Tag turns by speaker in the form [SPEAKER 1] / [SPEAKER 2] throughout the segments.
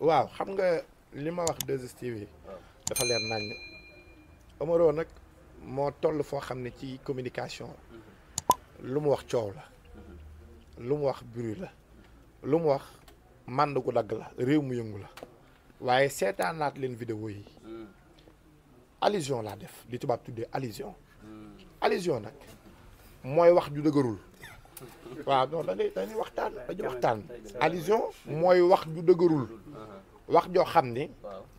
[SPEAKER 1] waaw xam nga lima wax 2STV yi dafa leer nañ. Omaro nak mo toll fo xam ci communication mm-hmm. lu mu wax coow la mm-hmm. lu mu wax bruit la Lumu wax mànd gu dagg la réew mu yëngu la Waye setanat len vidéo yi mm. allusion la def li tubaab tuddé allusion mm. allusion nak moy wax ju dëgërul waaw non da dañuy waxtan, da dañuy waxtan. allusion moy wax ju dëgërul wax joo xam ni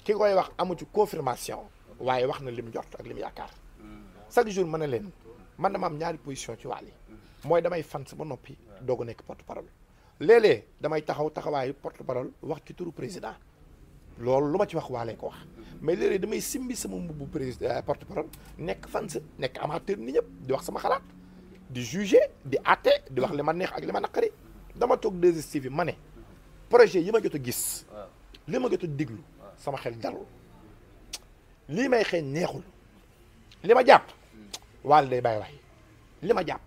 [SPEAKER 1] ki koy wax amu ci confirmation waaye wax na lim jot ak lim yaakaar hmm. chaque jour mën na leen man dama am ñaari position ci wàll yi hmm. mooy damay fan sama noppi doog a nekk porte parole léeg damay taxaw taxawaayu porte parole wax ci turu président loolu lu ma ci wax waalee ko wax hmm. mais léeg damay simbi sama mbubbu président euh, porte parole nekk fans nekk amateur ni ñëpp di wax sama xalaat di juger di àtte di wax li ma neex ak li ma naqari dama toog 2STV ma ne projet yi ma jot a gis li ma jot a diglu sama xel dalul lii may xeeñ neexul li ma jàpp waali day bàyyi waay li ma jàpp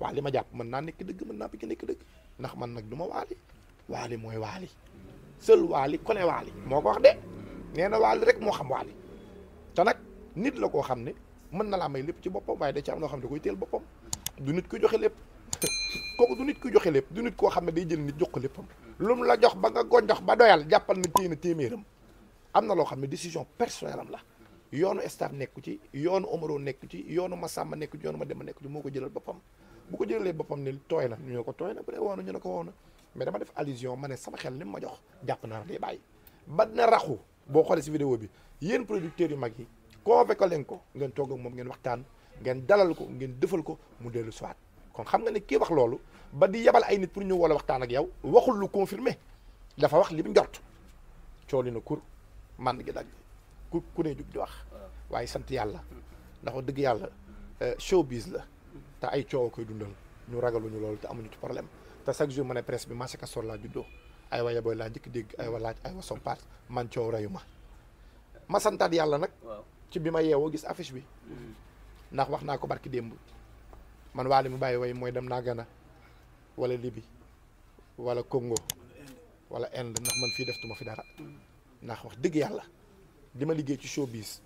[SPEAKER 1] waaw li ma jàpp mën naa nekk dëgg mën naa bi nekk dëgg ndax man nag du ma waali waali mooy waali seul waali kone waali moo ko wax de nee na waali rek moo xam waali te nag nit la koo xam ne mën na laa may lépp ci boppam waaye da ci am loo xam ne da koy teel boppam du nit ku joxe lépp kooku du nit ku joxe lépp du nit koo xam ne day jël nit jox ko léppam lu la jox ba nga gonjox ba doyal jàppal na téye na téeméeram am na loo xam ne décision personnelle am la yoonu staff nekku ci yoonu Omaro nekku ci yoonu ma Massamba nekku ci yoonu Mademba nekku ci moo ko jëlal boppam bu ko jëlalee boppam ne tooy na ñu ne ko tooy na bu dee woon ñu ne ko woon na mais dama def allusion ma ne sama xel li mu ma jox jàpp naa day baay ba na raxu boo xoolee si vidéo bi yéen producteurs yu mag yi koo convoqué leen ko ngeen toog ak moom ngeen waxtaan ngeen dalal ko ngeen defal ko mu dellu siwaat kon xam nga ne kii wax loolu ba di yebal ay nit pour ñu wala waxtaan ak yow waxul lu confirmé dafa wax li mu njort cooli na kur man gi dagg ku ku ne jug di wax waaye sant yàlla ndax wax dëgg yàlla euh, showbiz la te ay coow a koy dundal ñu ragaluñu loolu te amuñu ci problème te chaque jour ma ne presse bi marché sol laa juddoo ay wa yebooy laa jëkk dégg ay wa laaj ay wa sompaat man coow reyu ma ma santaat yàlla nag ci bi ma yeewoo gis affice bi mm-hmm. ndax wax naa ko barki démb man waa mu bàyyi way mooy dem naa Ghana wala Libye walla Congo wala Inde ndax man fii def tuma fi dara ndax wax dëgg yàlla li ma liggéey ci showbiz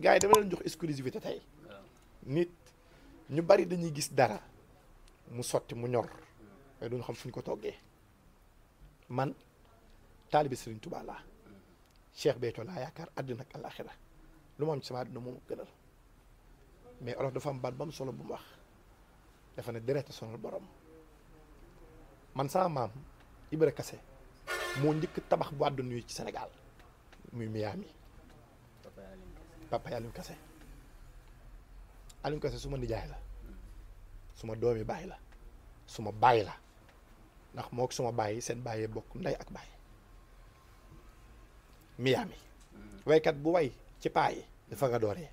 [SPEAKER 1] gaa yi dama leen jox exclusivité tey nit ñu bari dañuy gis dara mu sotti mu ñor mais duñu xam fu ñu ko toggee man taalibi Serigne Touba laa Cheikh Béthio laa yaakaar àddina ak àllaaxira lu ma am ci sama àddina moom gënal mais olof dafa am baat ba solo bu mu wax dafa e ne deret sonal borom man sama mam Ibra kasse mo ndik tabax bu àdduna yi ci Sénégal muy Miami papa Aliou kasse Aliou kasse suma nijaay la suma ma doomi baay la suma ma la ndax moo ak suma baay sen baye bok nday ak baay Miami kat bu way ci paa dafa nga dooree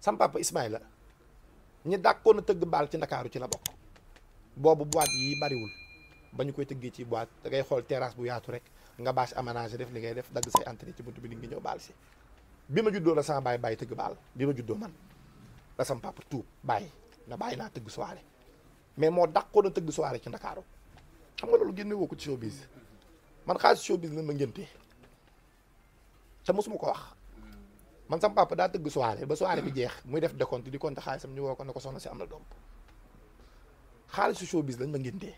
[SPEAKER 1] sam papa Ismaïla ñi dàkkoon na tëgg baal ci ndakaaru ci la bokk boobu boîte yii bariwul ba ñu koy tëggee ci boîte da ngay xool terrasse bu yaatu rek nga baas aménagé def li ngay def dagg say entrée ci buntu bi nit ngi ñëw baal si bi ma juddoo la sama baay bàyyi tëgg baal bi ma juddoo man la sama papa tuub bàyyi na bàyyi naa tëgg soirée mais moo dàqoon a tëgg soirée ci ndakaaru xam nga loolu génne ko ci showbiz man xaalis showbiz la ma ngéntee te mosuma ko wax man sama papa daa tëgg soirée ba soirée bi jeex muy def décompte di compte xaalisam ñu woo ko ne ko soxna si am na doom xaalisu showbiz lañ ma ngéntee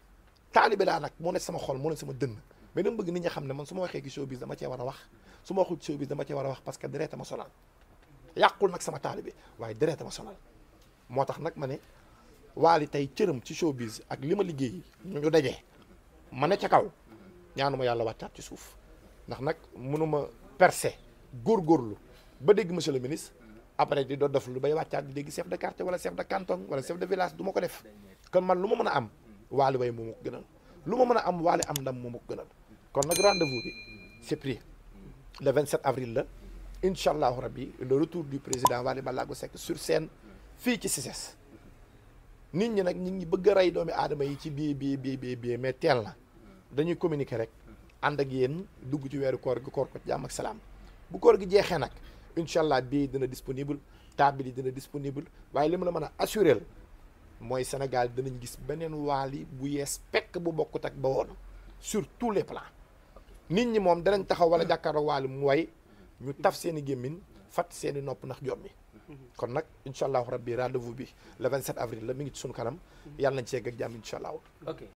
[SPEAKER 1] taalibe laa nag moo ne sama xol moo ne sama dënn mais dama bëgg nit ñi xam ne man su ma waxee ci showbiz dama cee war a wax su ma waxul ci showbiz dama cee war a wax parce que deret ma sonal yàqul nag sama taalibe waaye deret ma sonal moo tax nag ma ne waali tey cëram ci biis ak li ma liggéey ñu dajee ma ne ca kaw ñaanuma yàlla wàccaat ci suuf ndax nag mënuma percer góorgóorlu ba dégg monsieur le ministre après di doo dof lu bay wàccaat di dégg chef de quartier wala chef de canton wala chef de village du ma ko def kon man lu ma mën a am waali way moo ma ko gënal lu ma mën a am waali am ndam moo ma ko gënal kon nag rendez-vous bi c'est pris le 27 avril la incha allahu rabbi le retour du président Waly Ballago Seck sur scène fii ci CICES nit ñi nag ñu ngi bëgg a rey doomi aadama yi ci bii bii bii bii mais teel na dañuy communiquer rek ànd ak yéen dugg ci weeru koor gi koor ko jàmm ak salaam bu koor gi jeexee nag incha allah bii dina disponible table yi dina disponible waaye li ma la man a assuré mooy Sénégal danañ gis beneen Wally bu yees pekk bu bokkut ak ba woon sur tous les plans nit ñi moom danañ taxaw wala jàkkaarloo Wally mu way ñu taf seen gémmin fat seen i nopp ndax jom mi kon nag incha allahu rabbi rendez-vous bi le 27 avril la mi ngi ci sunu kanam yàlla na ci yegg ak jàmm incha allah.